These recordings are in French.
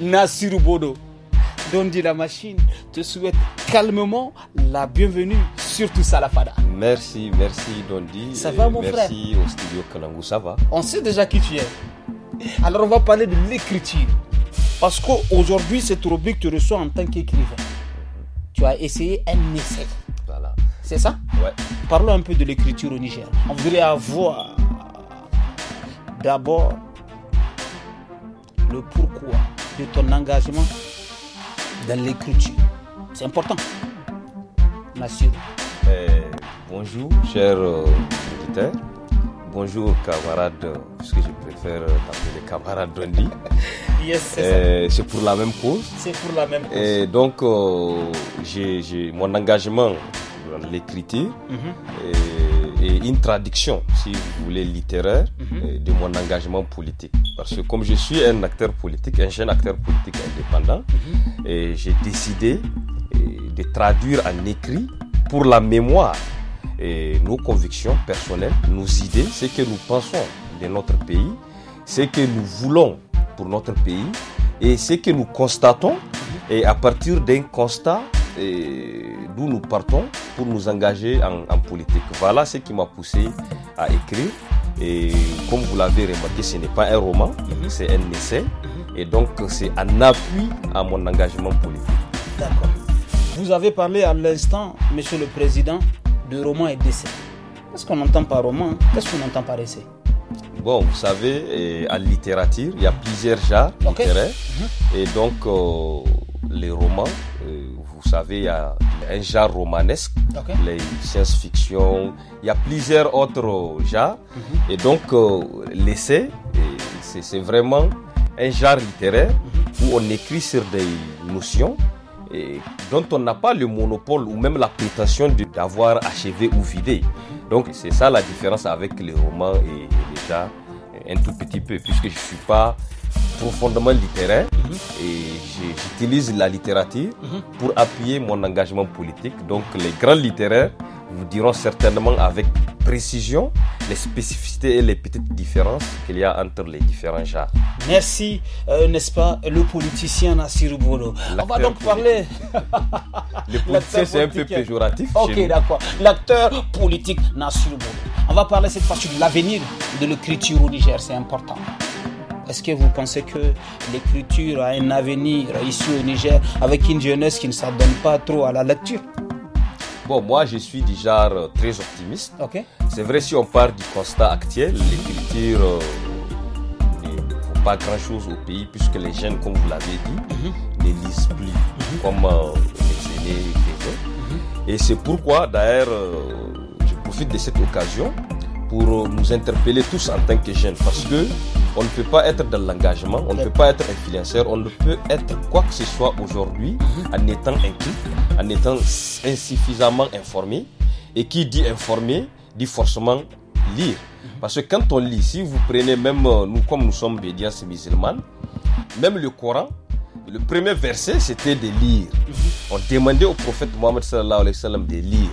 Nassiru Bodo. Dondi la machine te souhaite calmement la bienvenue sur tout ça Merci, merci Dondi. Ça va mon euh, frère Merci au studio Kalangou. ça va On sait déjà qui tu es. Alors on va parler de l'écriture. Parce qu'aujourd'hui, cette rubrique te reçoit en tant qu'écrivain. Tu as essayé un essai. Voilà. C'est ça Ouais. Parlons un peu de l'écriture au Niger. On voudrait avoir euh, d'abord le pourquoi ton engagement dans l'écriture. C'est important. Monsieur. Eh, bonjour, cher euh, Bonjour, camarade, ce euh, que je préfère euh, les camarades d'Ondi. Eh, c'est pour la même cause. C'est pour la même cause. Et donc, j'ai mon engagement l'écriture mhm. et, une traduction, si vous voulez, littéraire mhm. de mon engagement politique. Parce que comme je suis un acteur politique, un jeune acteur politique indépendant, mhm. j'ai décidé de traduire en écrit pour la mémoire nos convictions personnelles, nos idées, ce que nous pensons de notre pays, ce que nous voulons pour notre pays et ce que nous constatons et à partir d'un constat d'où nous partons pour nous engager en, politique. Voilà ce qui m'a poussé à écrire. Et comme vous l'avez remarqué, ce n'est pas un roman, mhm. c'est un essai. Mhm. Et donc c'est un appui à mon engagement politique. D'accord. Vous avez parlé à l'instant, Monsieur le Président, de romans et d'essai. Qu'est-ce qu'on entend par roman Qu'est-ce qu'on entend par essai Bon, vous savez, eh, en littérature, il y a plusieurs genres littéraires. Mhm. Et donc, euh, les romans, euh, vous savez, il y a un genre romanesque, les science-fiction, il y a plusieurs autres genres. Mhm. Et donc, euh, l'essai, c'est vraiment un genre littéraire mhm. où on écrit sur des notions et dont on n'a pas le monopole ou même la prétention d'avoir achevé ou vidé. Mhm. Donc c'est ça la différence avec les romans et, les déjà un tout petit peu, puisque je ne suis pas profondément littéraire et j'utilise la littérature pour appuyer mon engagement politique. Donc les grands littéraires vous diront certainement avec précision les spécificités et les petites différences qu'il y a entre les différents genres. Merci, euh, n'est-ce pas, le politicien Nassir On va donc parler. le politicien, c'est un peu péjoratif. Ok, d'accord. L'acteur politique Nassir On va parler cette fois-ci de l'avenir de l'écriture au c'est important. Est-ce que vous pensez que l'écriture a un avenir ici au Niger avec une jeunesse qui ne s'adonne pas trop à la lecture Bon, moi, je suis déjà euh, très optimiste. C'est vrai, si on part du constat actuel, l'écriture euh, ne vaut pas grand-chose au pays puisque les jeunes, comme vous l'avez dit, mhm. ne lisent plus mhm. comme euh, les aînés les mhm. Et c'est pourquoi, d'ailleurs, je profite de cette occasion pour euh, nous interpeller tous en tant que jeunes parce que on ne peut pas être dans l'engagement, on ne peut pas être influenceur, on ne peut être quoi que ce soit aujourd'hui en étant inquiet, en étant insuffisamment informé. Et qui dit informé dit forcément lire. Parce que quand on lit, si vous prenez même euh, nous, comme nous sommes et musulmans... même le Coran, le premier verset, c'était de lire. On demandait au prophète Mohammed de lire.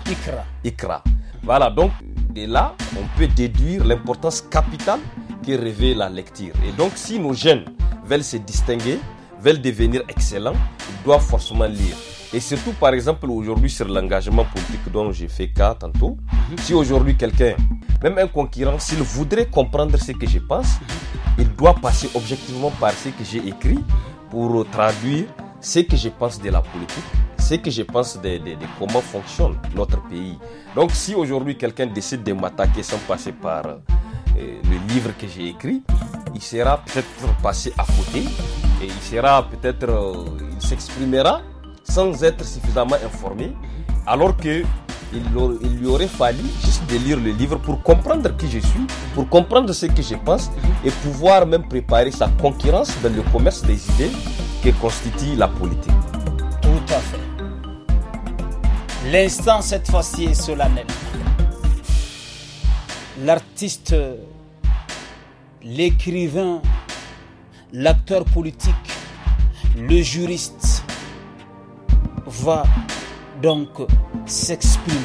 Ikra. Voilà, donc et là, on peut déduire l'importance capitale que révèle la lecture. Et donc, si nos jeunes veulent se distinguer, veulent devenir excellents, ils doivent forcément lire. Et surtout, par exemple, aujourd'hui, sur l'engagement politique dont j'ai fait cas tantôt, si aujourd'hui quelqu'un, même un concurrent, s'il voudrait comprendre ce que je pense, il doit passer objectivement par ce que j'ai écrit pour traduire ce que je pense de la politique ce que je pense de, comment fonctionne notre pays. Donc si aujourd'hui quelqu'un décide de m'attaquer sans passer par euh, le livre que j'ai écrit, il sera peut-être passé à côté et il sera peut-être, euh, il s'exprimera sans être suffisamment informé, alors que lui aurait fallu juste de lire le livre pour comprendre qui je suis, pour comprendre ce que je pense et pouvoir même préparer sa concurrence dans le commerce des idées que constitue la politique. L'instant cette fois-ci est solennel. L'artiste, l'écrivain, l'acteur politique, le juriste va donc s'exprimer.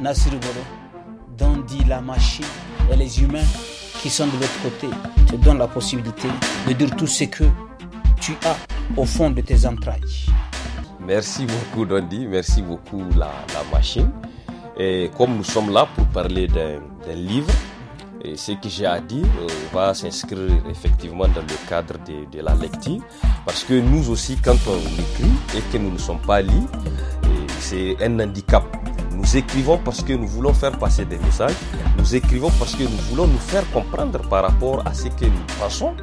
Nassir dans dit la machine et les humains qui sont de l'autre côté te donnent la possibilité de dire tout ce que tu as au fond de tes entrailles. Merci beaucoup Dondi, merci beaucoup la, machine. Et comme nous sommes là pour parler d'un livre, ce que j'ai à dire euh, va s'inscrire effectivement dans le cadre de, de, la lecture, parce que nous aussi, quand on écrit et que nous ne sommes pas lits, c'est un handicap. Nous écrivons parce que nous voulons faire passer des messages, nous écrivons parce que nous voulons nous faire comprendre par rapport à ce que nous pensons,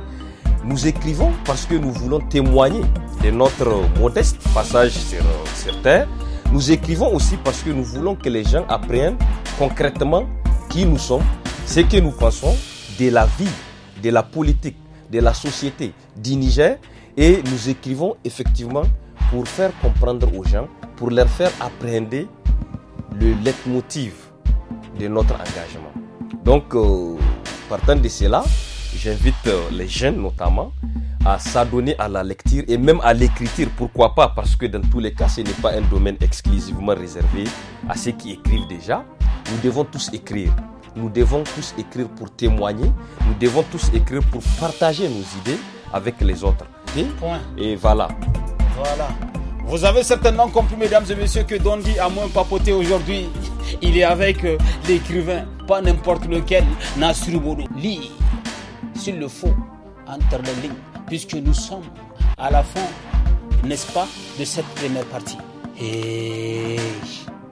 nous écrivons parce que nous voulons témoigner de notre modeste passage sur, Terre. Nous écrivons aussi parce que nous voulons que les gens apprennent concrètement qui nous sommes, ce que nous pensons de la vie, de la politique, de la société du Niger. Et nous écrivons effectivement pour faire comprendre aux gens, pour leur faire appréhender le leitmotiv de notre engagement. Donc, euh, partant de cela, j'invite euh, les jeunes notamment à s'adonner à la lecture et même à l'écriture. Pourquoi pas Parce que dans tous les cas, ce n'est pas un domaine exclusivement réservé à ceux qui écrivent déjà. Nous devons tous écrire. Nous devons tous écrire pour témoigner. Nous devons tous écrire pour partager nos idées avec les autres. Et, voilà. Voilà. Vous avez certainement compris, mesdames et messieurs, que Dondi a moins papoté aujourd'hui. Il est avec euh, l'écrivain, pas n'importe lequel, Nasru Bono s'il le faut, entre les lignes, puisque nous sommes à la fin, n'est-ce pas, de cette première partie. Et...